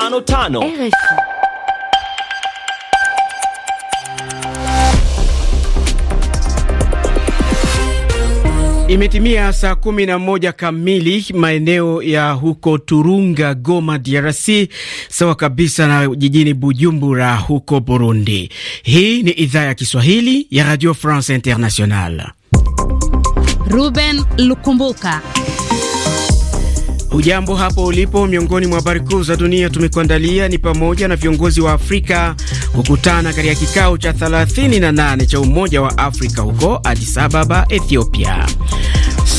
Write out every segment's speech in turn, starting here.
tano tano Imetimia saa moja kamili maeneo ya huko Turunga, Goma, DRC, sawa kabisa na jijini Bujumbura huko Burundi. Hii ni idhaa ya Kiswahili ya Radio France international Ruben Lukumbuka Ujambo hapo ulipo. Miongoni mwa habari kuu za dunia tumekuandalia ni pamoja na viongozi wa Afrika kukutana katika kikao cha 38 cha Umoja wa Afrika huko Addis Ababa, Ethiopia.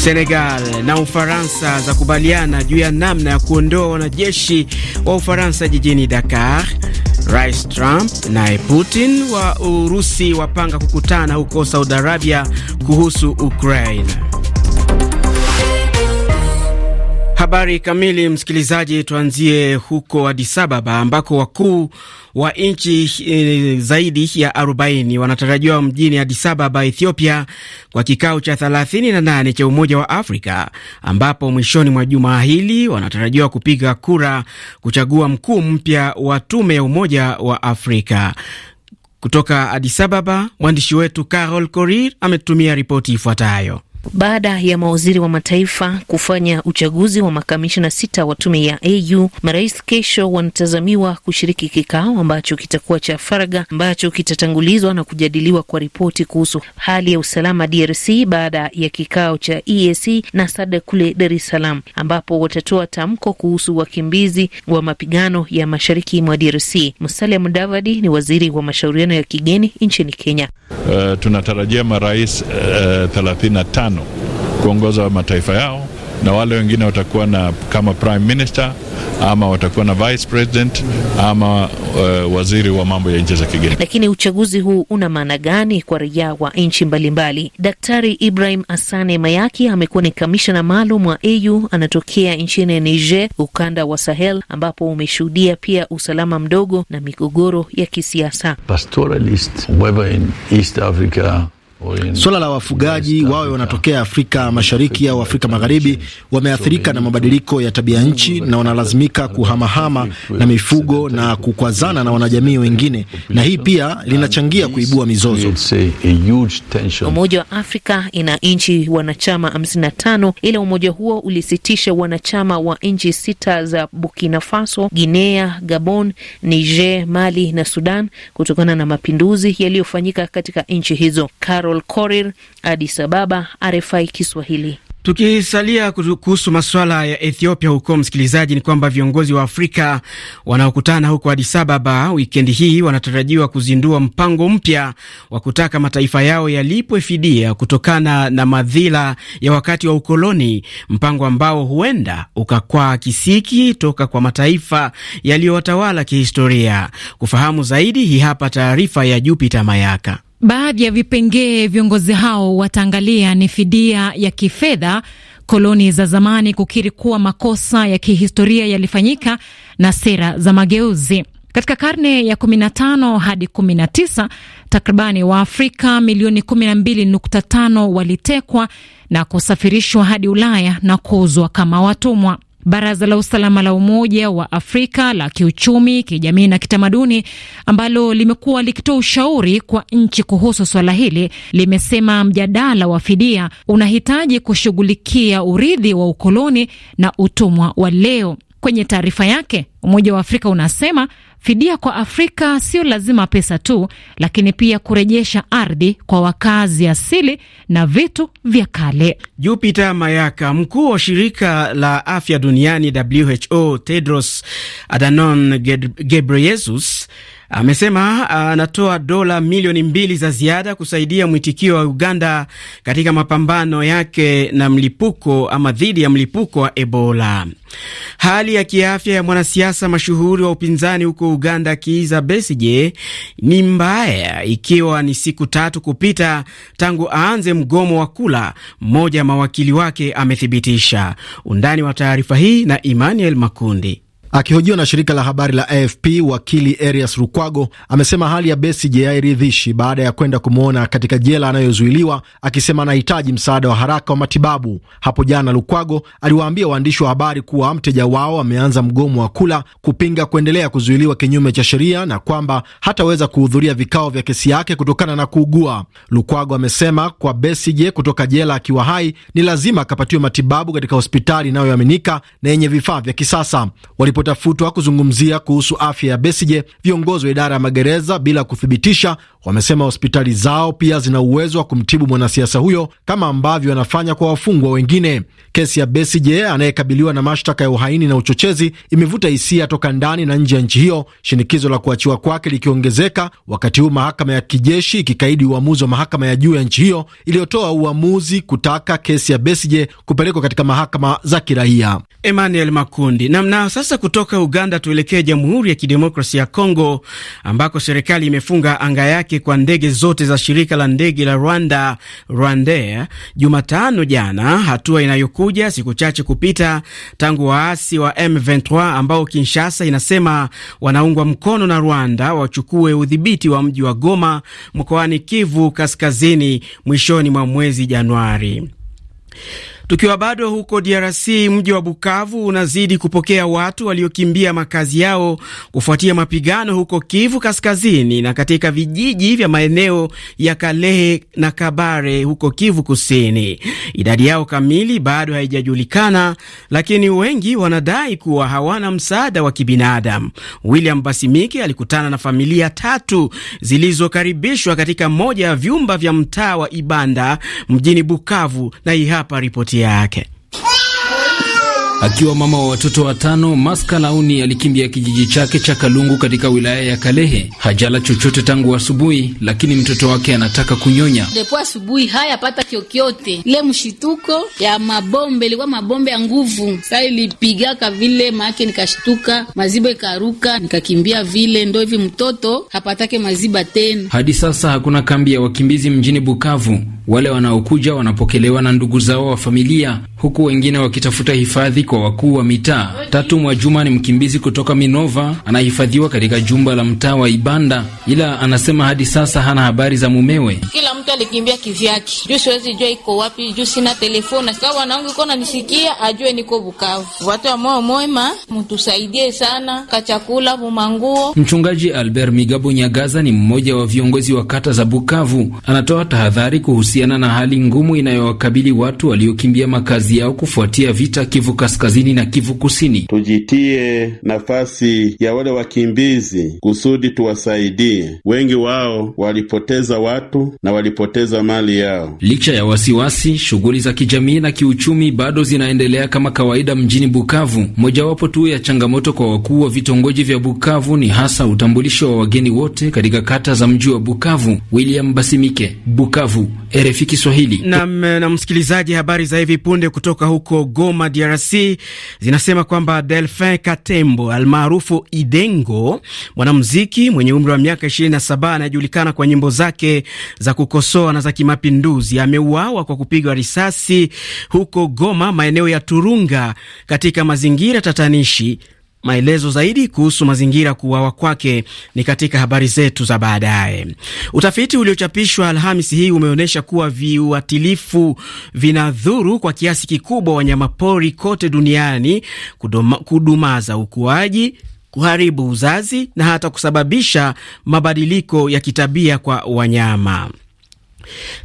Senegal na Ufaransa zakubaliana juu ya namna ya kuondoa wanajeshi wa Ufaransa jijini Dakar. Rais Trump naye Putin wa Urusi wapanga kukutana huko Saudi Arabia kuhusu Ukraine. Habari kamili, msikilizaji, tuanzie huko Addis Ababa ambako wakuu wa nchi e, zaidi ya 40 wanatarajiwa mjini Addis Ababa, Ethiopia, kwa kikao cha 38 cha Umoja wa Afrika, ambapo mwishoni mwa juma hili wanatarajiwa kupiga kura kuchagua mkuu mpya wa tume ya Umoja wa Afrika. Kutoka Addis Ababa, mwandishi wetu Carol Korir ametutumia ripoti ifuatayo. Baada ya mawaziri wa mataifa kufanya uchaguzi wa makamishina sita wa tume ya AU, marais kesho wanatazamiwa kushiriki kikao ambacho kitakuwa cha faraga ambacho kitatangulizwa na kujadiliwa kwa ripoti kuhusu hali ya usalama DRC baada ya kikao cha EAC na SADC kule Dar es Salaam, ambapo watatoa tamko kuhusu wakimbizi wa mapigano ya mashariki mwa DRC. Musalia Mudavadi ni waziri wa mashauriano ya kigeni nchini Kenya. Uh, tunatarajia marais uh, eh, 35 kuongoza mataifa yao na wale wengine watakuwa na kama prime minister ama watakuwa na vice president ama uh, waziri wa mambo ya nchi za kigeni. Lakini uchaguzi huu una maana gani kwa raia wa nchi mbalimbali? Daktari Ibrahim Asane Mayaki amekuwa ni kamishna maalum wa AU, anatokea nchini Niger, ukanda wa Sahel, ambapo umeshuhudia pia usalama mdogo na migogoro ya kisiasa. Pastoralist, whether in East Africa Swala la wafugaji wawe wanatokea Afrika Mashariki au Afrika Magharibi wameathirika na mabadiliko ya tabia nchi na wanalazimika kuhamahama na mifugo na kukwazana na wanajamii wengine, na hii pia linachangia kuibua mizozo. Umoja wa Afrika ina nchi wanachama 55 ila umoja huo ulisitisha wanachama wa nchi sita za Burkina Faso, Guinea, Gabon, Niger, Mali na Sudan kutokana na mapinduzi yaliyofanyika katika nchi hizo. Karo Carol Korir, Addis Ababa, RFI Kiswahili. Tukisalia kuhusu masuala ya Ethiopia huko, msikilizaji, ni kwamba viongozi wa Afrika wanaokutana huko Addis Ababa wikendi hii wanatarajiwa kuzindua mpango mpya wa kutaka mataifa yao yalipwe fidia kutokana na madhila ya wakati wa ukoloni, mpango ambao huenda ukakwaa kisiki toka kwa mataifa yaliyowatawala kihistoria. Kufahamu zaidi, hii hapa taarifa ya Jupiter Mayaka. Baadhi ya vipengee viongozi hao wataangalia ni fidia ya kifedha, koloni za zamani kukiri kuwa makosa ya kihistoria yalifanyika, na sera za mageuzi. Katika karne ya 15 hadi 19 takribani Waafrika milioni 12.5 walitekwa na kusafirishwa hadi Ulaya na kuuzwa kama watumwa. Baraza la Usalama la Umoja wa Afrika la kiuchumi, kijamii na kitamaduni ambalo limekuwa likitoa ushauri kwa nchi kuhusu swala hili limesema mjadala wa fidia unahitaji kushughulikia urithi wa ukoloni na utumwa wa leo. Kwenye taarifa yake, Umoja wa Afrika unasema Fidia kwa Afrika sio lazima pesa tu, lakini pia kurejesha ardhi kwa wakazi asili na vitu vya kale. Jupiter Mayaka, mkuu wa shirika la afya duniani WHO, Tedros Adhanom Ghebreyesus Amesema ah, anatoa dola milioni mbili za ziada kusaidia mwitikio wa Uganda katika mapambano yake na mlipuko ama dhidi ya mlipuko wa Ebola. Hali ya kiafya ya mwanasiasa mashuhuri wa upinzani huko Uganda, Kiiza Besije, ni mbaya, ikiwa ni siku tatu kupita tangu aanze mgomo wa kula, mmoja ya mawakili wake amethibitisha. Undani wa taarifa hii na Emmanuel Makundi. Akihojiwa na shirika la habari la AFP, wakili arias rukwago amesema hali ya Besigye hairidhishi baada ya kwenda kumwona katika jela anayozuiliwa, akisema anahitaji msaada wa haraka wa matibabu. Hapo jana, Lukwago aliwaambia waandishi wa habari kuwa mteja wao ameanza mgomo wa kula kupinga kuendelea kuzuiliwa kinyume cha sheria na kwamba hataweza kuhudhuria vikao vya kesi yake kutokana na kuugua. Lukwago amesema kwa Besigye kutoka jela akiwa hai ni lazima akapatiwe matibabu katika hospitali inayoaminika na yenye vifaa vya kisasa. Walipo walipotafutwa kuzungumzia kuhusu afya ya Besije, viongozi wa idara ya magereza, bila kuthibitisha, Wamesema hospitali zao pia zina uwezo wa kumtibu mwanasiasa huyo kama ambavyo wanafanya kwa wafungwa wengine. Kesi ya Besigye anayekabiliwa na mashtaka ya uhaini na uchochezi imevuta hisia toka ndani na nje ya nchi hiyo, shinikizo la kuachiwa kwake likiongezeka, wakati huu mahakama ya kijeshi ikikaidi uamuzi wa mahakama ya juu ya nchi hiyo iliyotoa uamuzi kutaka kesi ya Besigye kupelekwa katika mahakama za kiraia. Emmanuel Makundi namna. Sasa kutoka Uganda tuelekee Jamhuri ya Kidemokrasia ya Kongo ambako serikali imefunga anga yake yake kwa ndege zote za shirika la ndege la Rwanda Rwandair Jumatano jana, hatua inayokuja siku chache kupita tangu waasi wa M23 ambao Kinshasa inasema wanaungwa mkono na Rwanda wachukue udhibiti wa mji wa Goma mkoani Kivu Kaskazini mwishoni mwa mwezi Januari. Tukiwa bado huko DRC, mji wa Bukavu unazidi kupokea watu waliokimbia makazi yao kufuatia mapigano huko Kivu Kaskazini na katika vijiji vya maeneo ya Kalehe na Kabare huko Kivu Kusini. Idadi yao kamili bado haijajulikana, lakini wengi wanadai kuwa hawana msaada wa kibinadamu. William Basimike alikutana na familia tatu zilizokaribishwa katika moja ya vyumba vya mtaa wa Ibanda mjini Bukavu, na hii hapa ripoti yake Akiwa mama wa watoto watano, Maska Launi alikimbia kijiji chake cha Kalungu katika wilaya ya Kalehe. Hajala chochote tangu asubuhi, lakini mtoto wake anataka kunyonya. Depo asubuhi haya pata kyokyote. Ile mshituko ya mabombe ilikuwa mabombe ya nguvu, saa ilipigaka vile maake, nikashituka maziba ikaruka, nikakimbia vile. Ndo hivi mtoto hapatake maziba tena. Hadi sasa hakuna kambi ya wakimbizi mjini Bukavu. Wale wanaokuja wanapokelewa na ndugu zao wa familia, huku wengine wakitafuta hifadhi kwa wakuu wa mitaa. Tatu mwa Juma ni mkimbizi kutoka Minova, anahifadhiwa katika jumba la mtaa wa Ibanda, ila anasema hadi sasa hana habari za mumewe. Kila mtu alikimbia kivyake, juu siwezi jua iko wapi, juu sina telefoni. sika wanangu iko nanisikia, ajue niko Bukavu. Watu wa moyo mwema, mtusaidie sana kachakula mumanguo. Mchungaji Albert Migabo Nyagaza ni mmoja wa viongozi wa kata za Bukavu, anatoa tahadhari kuhusiana na hali ngumu inayowakabili watu waliokimbia makazi yao kufuatia vita Kivu Kaskazini. Kaskazini na Kivu Kusini. Tujitie nafasi ya wale wakimbizi kusudi tuwasaidie. Wengi wao walipoteza watu na walipoteza mali yao. Licha ya wasiwasi, shughuli za kijamii na kiuchumi bado zinaendelea kama kawaida mjini Bukavu. Mojawapo tu ya changamoto kwa wakuu wa vitongoji vya Bukavu ni hasa utambulisho wa wageni wote katika kata za mji wa Bukavu. William Basimike, Bukavu, RFI Kiswahili. Nam na msikilizaji, habari za hivi punde kutoka huko Goma, DRC zinasema kwamba Delfin Katembo almaarufu Idengo, mwanamuziki mwenye umri wa miaka 27 anayejulikana kwa nyimbo zake za kukosoa na za kimapinduzi, ameuawa kwa kupigwa risasi huko Goma, maeneo ya Turunga, katika mazingira tatanishi Maelezo zaidi kuhusu mazingira kuuawa kwake ni katika habari zetu za baadaye. Utafiti uliochapishwa Alhamisi hii umeonyesha kuwa viuatilifu vinadhuru kwa kiasi kikubwa wanyamapori kote duniani, kudumaza ukuaji kuharibu uzazi na hata kusababisha mabadiliko ya kitabia kwa wanyama.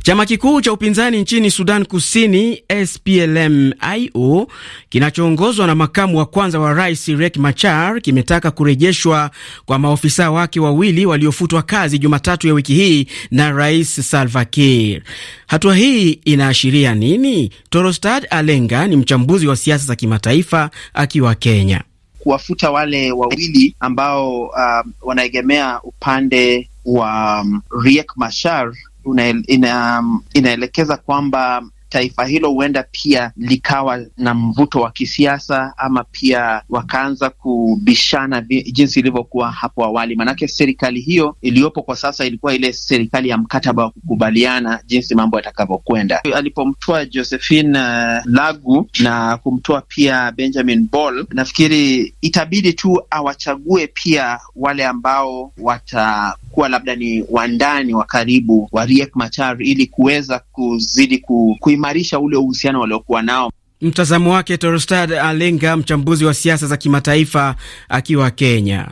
Chama kikuu cha upinzani nchini Sudan Kusini, SPLM-IO, kinachoongozwa na makamu wa kwanza wa rais Riek Machar kimetaka kurejeshwa kwa maofisa wake wawili waliofutwa kazi Jumatatu ya wiki hii na Rais Salva Kiir. Hatua hii inaashiria nini? Torostad Alenga ni mchambuzi wa siasa za kimataifa akiwa Kenya. Kuwafuta wale wawili ambao uh, wanaegemea upande wa um, Riek Machar una, ina, um, inaelekeza kwamba taifa hilo huenda pia likawa na mvuto wa kisiasa, ama pia wakaanza kubishana jinsi ilivyokuwa hapo awali, maanake serikali hiyo iliyopo kwa sasa ilikuwa ile serikali ya mkataba wa kukubaliana jinsi mambo yatakavyokwenda. Alipomtoa Josephine eh, Lagu na kumtoa pia Benjamin Ball, nafikiri itabidi tu awachague pia wale ambao watakuwa labda ni wandani wa karibu wa Riek Machar ili kuweza kuzidi ku, ku kuimarisha ule uhusiano waliokuwa nao. Mtazamo wake Torostad Alenga, mchambuzi wa siasa za kimataifa akiwa Kenya.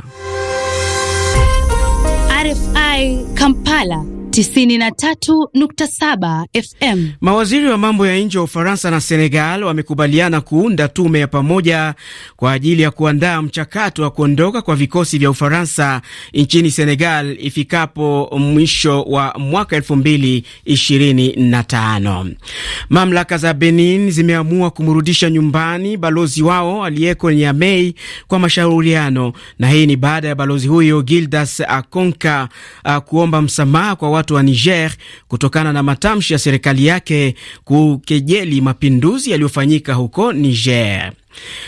RFI Kampala 93.7 FM. Mawaziri wa mambo ya nje wa Ufaransa na Senegal wamekubaliana kuunda tume ya pamoja kwa ajili ya kuandaa mchakato wa kuondoka kwa vikosi vya Ufaransa nchini Senegal ifikapo mwisho wa mwaka 2025. Mamlaka za Benin zimeamua kumrudisha nyumbani balozi wao aliyeko Niamey kwa mashauriano, na hii ni baada ya balozi huyo Gildas Akonka uh, kuomba msamaha kwa watu wa Niger kutokana na matamshi ya serikali yake kukejeli mapinduzi yaliyofanyika huko Niger.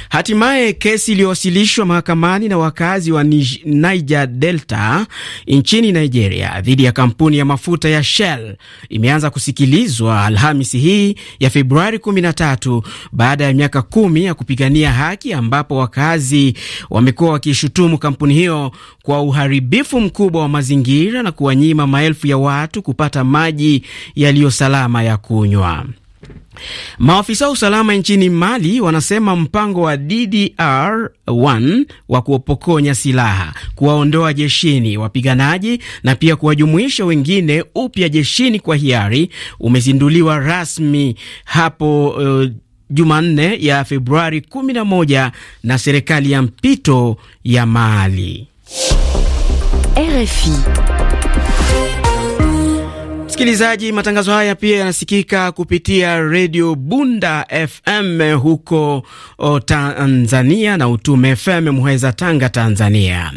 Hatimaye kesi iliyowasilishwa mahakamani na wakazi wa Niger Delta nchini Nigeria dhidi ya kampuni ya mafuta ya Shell imeanza kusikilizwa Alhamisi hii ya Februari 13 baada ya miaka kumi ya kupigania haki, ambapo wakazi wamekuwa wakishutumu kampuni hiyo kwa uharibifu mkubwa wa mazingira na kuwanyima maelfu ya watu kupata maji yaliyo salama ya kunywa. Maafisa wa usalama nchini Mali wanasema mpango wa DDR1 wa kuwapokonya silaha, kuwaondoa jeshini wapiganaji na pia kuwajumuisha wengine upya jeshini kwa hiari umezinduliwa rasmi hapo uh, Jumanne ya Februari 11 na serikali ya mpito ya Mali. RFI. Msikilizaji, matangazo haya pia yanasikika kupitia redio Bunda FM huko o, Tanzania na Utume FM Muheza, Tanga, Tanzania.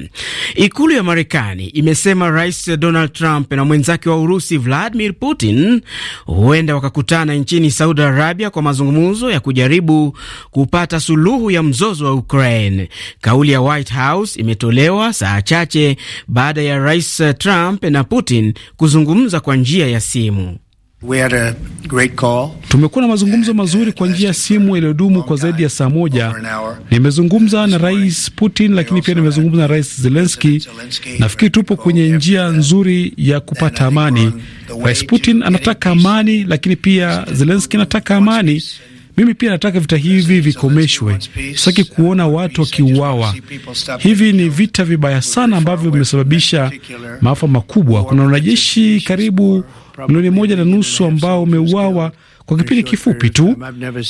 Ikulu ya Marekani imesema Rais Donald Trump na mwenzake wa Urusi Vladimir Putin huenda wakakutana nchini Saudi Arabia kwa mazungumzo ya kujaribu kupata suluhu ya mzozo wa Ukraine. Kauli ya White House imetolewa saa chache baada ya Rais Trump na Putin kuzungumza kwa njia ya ya simu. We had a great call. Tumekuwa na mazungumzo uh, mazuri kwa njia ya simu yaliyodumu kwa zaidi ya saa moja. Nimezungumza na Rais Putin, lakini pia nimezungumza na Rais zelenski Nafikiri tupo kwenye njia uh, nzuri ya kupata amani. Rais Putin anataka amani, lakini pia zelenski anataka amani. Mimi pia nataka vita hivi vikomeshwe, sitaki kuona watu wakiuawa. Hivi ni vita vibaya sana ambavyo vimesababisha maafa makubwa. Kuna wanajeshi karibu milioni moja na nusu ambao wameuawa kwa kipindi kifupi tu.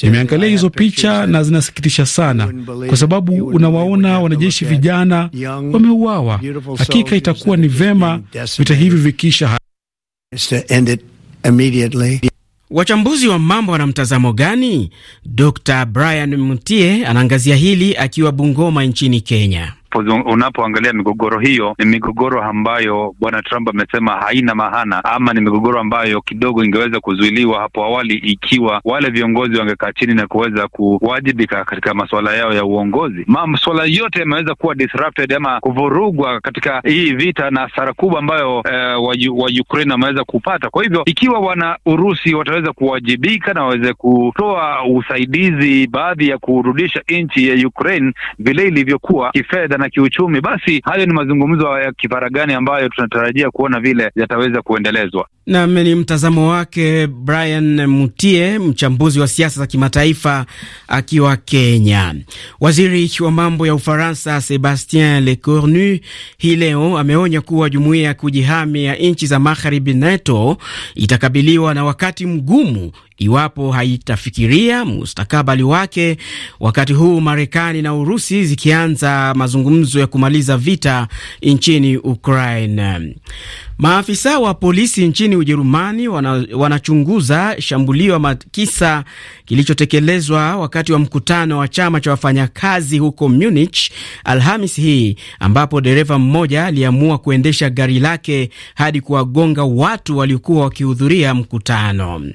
Nimeangalia hizo picha na zinasikitisha sana, kwa sababu unawaona wanajeshi vijana wameuawa. Hakika itakuwa ni vema vita hivi vikiisha. Wachambuzi wa mambo wana mtazamo gani? Dr Brian Mutie anaangazia hili akiwa Bungoma nchini Kenya unapoangalia migogoro hiyo, ni migogoro ambayo bwana Trump amesema haina maana, ama ni migogoro ambayo kidogo ingeweza kuzuiliwa hapo awali ikiwa wale viongozi wangekaa chini na kuweza kuwajibika katika masuala yao ya uongozi. Masuala yote yameweza kuwa disrupted ama kuvurugwa katika hii vita na hasara kubwa ambayo eh, wa Ukraine wameweza kupata. Kwa hivyo ikiwa wana Urusi wataweza kuwajibika na waweze kutoa usaidizi, baadhi ya kurudisha nchi ya Ukraine vile ilivyokuwa kifedha na kiuchumi, basi hayo ni mazungumzo ya kifaragani ambayo tunatarajia kuona vile yataweza kuendelezwa. Nam ni mtazamo wake Brian Mutie, mchambuzi wa siasa za kimataifa akiwa Kenya. Waziri wa mambo ya Ufaransa Sebastien Lecornu hii leo ameonya kuwa jumuiya ya kujihami ya nchi za magharibi NATO itakabiliwa na wakati mgumu iwapo haitafikiria mustakabali wake, wakati huu Marekani na Urusi zikianza mazungumzo ya kumaliza vita nchini Ukraine. Maafisa wa polisi nchini Ujerumani wana, wanachunguza shambulio ama kisa kilichotekelezwa wakati wa mkutano wa chama cha wafanyakazi huko Munich Alhamis hii ambapo dereva mmoja aliamua kuendesha gari lake hadi kuwagonga watu waliokuwa wakihudhuria mkutano.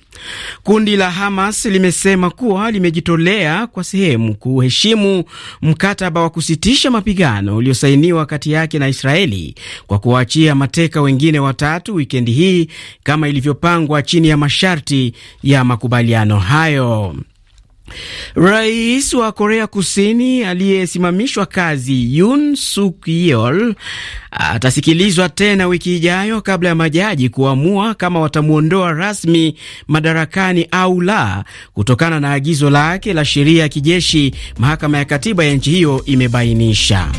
Kundi la Hamas limesema kuwa limejitolea kwa sehemu kuheshimu mkataba wa kusitisha mapigano uliosainiwa kati yake na Israeli kwa kuwaachia mateka wengine wengine watatu wikendi hii kama ilivyopangwa chini ya masharti ya makubaliano hayo. Rais wa Korea Kusini aliyesimamishwa kazi Yoon Suk Yeol atasikilizwa tena wiki ijayo kabla ya majaji kuamua kama watamwondoa rasmi madarakani au la, kutokana na agizo lake la sheria ya kijeshi, mahakama ya katiba ya nchi hiyo imebainisha.